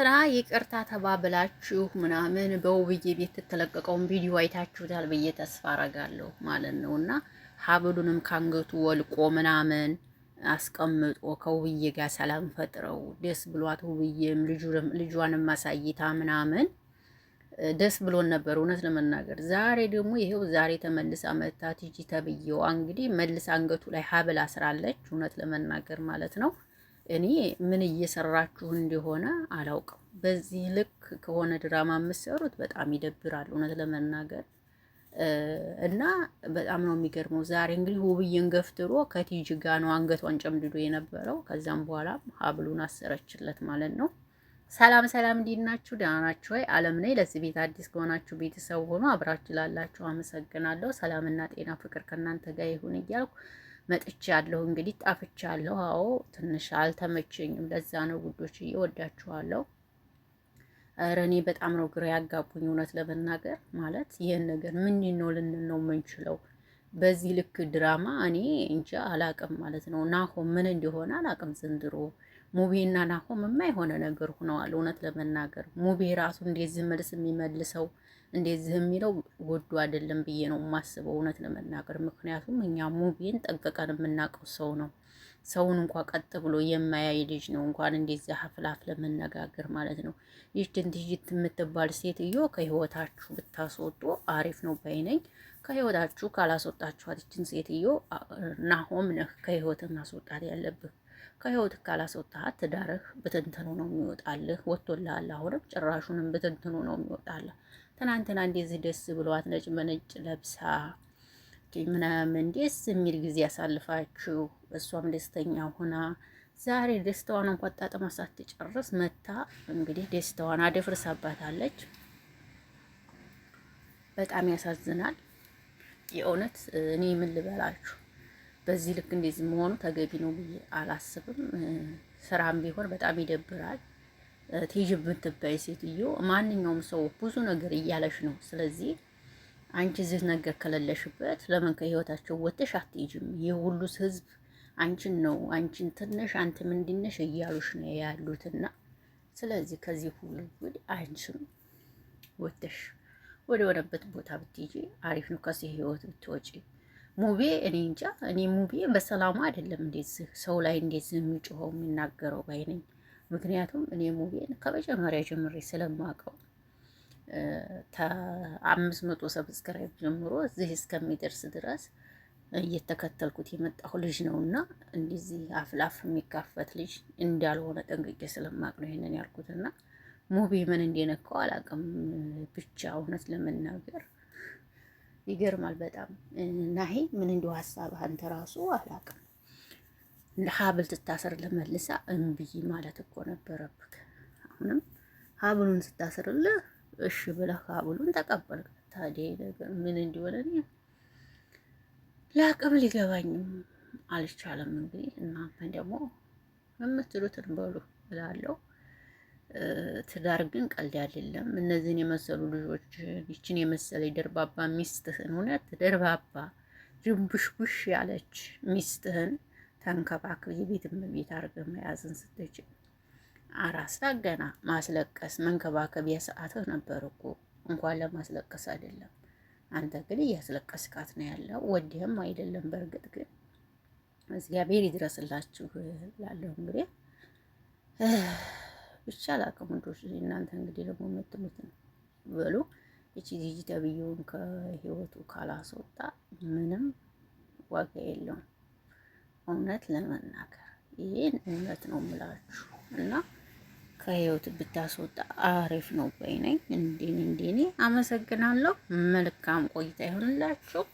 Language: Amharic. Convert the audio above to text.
ኤርትራ ይቅርታ ተባብላችሁ ምናምን በውብዬ ቤት የተለቀቀውን ቪዲዮ አይታችሁታል ብዬ ተስፋ አረጋለሁ ማለት ነው። እና ሀብሉንም ካንገቱ ወልቆ ምናምን አስቀምጦ ከውብዬ ጋር ሰላም ፈጥረው ደስ ብሏት ውብዬም ልጇንም ማሳይታ ምናምን ደስ ብሎን ነበር እውነት ለመናገር። ዛሬ ደግሞ ይሄው ዛሬ ተመልሳ መታ ቲጂ ተብዬዋ እንግዲህ መልስ አንገቱ ላይ ሀብል አስራለች እውነት ለመናገር ማለት ነው። እኔ ምን እየሰራችሁ እንደሆነ አላውቅም። በዚህ ልክ ከሆነ ድራማ የምትሰሩት በጣም ይደብራል እውነት ለመናገር እና በጣም ነው የሚገርመው። ዛሬ እንግዲህ ውብዬን ገፍትሮ ከቲጂ ጋ ነው አንገቷን ጨምድዶ የነበረው። ከዛም በኋላ ሀብሉን አሰረችለት ማለት ነው። ሰላም ሰላም፣ እንዴት ናችሁ? ደህና ናችሁ ወይ? አለም ነኝ። ለዚህ ቤት አዲስ ከሆናችሁ ቤተሰብ ሆኖ አብራችሁ ላላችሁ አመሰግናለሁ። ሰላምና ጤና ፍቅር ከእናንተ ጋር ይሁን እያልኩ መጥቻለሁ። እንግዲህ ጣፍቻለሁ። አዎ ትንሽ አልተመቸኝም። ለዛ ነው ውዶች፣ እወዳችኋለሁ። ኧረ እኔ በጣም ነው ግራ ያጋቡኝ እውነት ለመናገር ማለት ይህን ነገር ምን ነው ልንል ነው የምንችለው? በዚህ ልክ ድራማ እኔ እንጃ አላቅም ማለት ነው። ናሆ ምን እንደሆነ አላቅም ዘንድሮ ሙቤና ናሆም የማይሆነ ነገር ሆነዋል። እውነት ለመናገር ሙቤ ራሱ እንደዚህ መልስ የሚመልሰው እንደዚህ የሚለው ወዶ አይደለም ብዬ ነው የማስበው፣ እውነት ለመናገር ምክንያቱም እኛ ሙቤን ጠንቅቀን የምናውቀው ሰው ነው። ሰውን እንኳ ቀጥ ብሎ የማያይ ልጅ ነው። እንኳን እንደዚህ ሀፍላፍ ለመነጋገር ማለት ነው። ይህችን ትይት የምትባል ሴትዮ ከህይወታችሁ ብታስወጡ አሪፍ ነው ባይነኝ። ከህይወታችሁ ካላስወጣችኋት ይችን ሴትዮ ናሆም ነህ ከህይወት ማስወጣት ያለብህ ከህይወት ካላስወጣሃት ትዳርህ ብትንትኑ ነው የሚወጣልህ። ወጥቶልሃል። አሁንም ጭራሹንም ብትንትኑ ነው የሚወጣልህ። ትናንትና እንደዚህ ደስ ብሏት ነጭ በነጭ ለብሳ ምናምን ደስ የሚል ጊዜ ያሳልፋችሁ እሷም ደስተኛ ሆና ዛሬ ደስታዋን እንኳን ጣጥማ ሳትጨርስ መታ እንግዲህ ደስታዋን አደፍርሳባታለች። በጣም ያሳዝናል። የእውነት እኔ ምን ልበላችሁ። በዚህ ልክ እንደዚህ መሆኑ ተገቢ ነው ብዬ አላስብም። ስራም ቢሆን በጣም ይደብራል። ትይዥ የምትባይ ሴትዮ ማንኛውም ሰው ብዙ ነገር እያለሽ ነው። ስለዚህ አንቺ እዚህ ነገር ከሌለሽበት ለምን ከህይወታቸው ወጥሽ አትይዥም? ይህ ሁሉስ ህዝብ አንቺን ነው አንቺን ትንሽ አንተ ምንድነሽ እያሉሽ ነው ያሉትና ስለዚህ ከዚህ ሁሉ እንግዲህ አንቺም ወጥሽ ወደ ሆነበት ቦታ ብትይጂ አሪፍ ነው። ከዚህ ህይወት ብትወጪ ሙቤ እኔ እንጃ እኔ ሙቤ በሰላሙ አይደለም እንደዚህ ሰው ላይ እንደዚህ የሚጮኸው የሚናገረው ባይ ነኝ። ምክንያቱም እኔ ሙቤን ከመጀመሪያ ጀምሬ ስለማውቀው ከአምስት መቶ ሰብስክራይብ ጀምሮ እዚህ እስከሚደርስ ድረስ እየተከተልኩት የመጣሁ ልጅ ነው እና እንደዚህ አፍላፍ የሚካፈት ልጅ እንዳልሆነ ጠንቅቄ ስለማቅ ነው ያልኩት። ያልኩትና ሙቤ ምን እንደነካው አላውቅም። ብቻ እውነት ለመናገር ይገርማል በጣም ናሂ ምን እንደው ሀሳብ አንተ ራሱ አላውቅም። ሀብል ስታስርልህ መልሳ እምብይ ማለት እኮ ነበረብህ። አሁንም ሀብሉን ስታስርልህ እሺ ብለህ ሀብሉን ተቀበልክ። ታዲያ ነገር ምን እንዲሆነ ላቅም ሊገባኝም አልቻለም። እንግዲህ እናንተ ደግሞ የምትሉትን በሉ እላለሁ። ትዳር ግን ቀልድ አይደለም። እነዚህን የመሰሉ ልጆች ይችን የመሰለ ደርባባ ሚስትህን እውነት ደርባባ ድንቡሽቡሽ ያለች ሚስትህን ተንከባክብ የቤት እመቤት አድርገህ መያዝን ስትችል አራሳ ገና ማስለቀስ መንከባከብ ሰዓትህ ነበር እኮ እንኳን ለማስለቀስ አይደለም። አንተ ግን እያስለቀስካት ነው ያለው። ወዲህም አይደለም። በእርግጥ ግን እግዚአብሔር ይድረስላችሁ ላለሁ እንግዲህ ብቻ አላውቅም። ወንዶች እናንተ እንግዲህ ደግሞ የምትሉት ነው በሉ። እቺ ጂጂ ተብዬውን ከህይወቱ ካላስወጣ ምንም ዋጋ የለውም። እውነት ለመናገር ይህን እውነት ነው የምላችሁ እና ከህይወት ብታስወጣ አሪፍ ነው ባይነኝ። እንዴኔ እንዴኔ። አመሰግናለሁ። መልካም ቆይታ ይሆንላችሁ።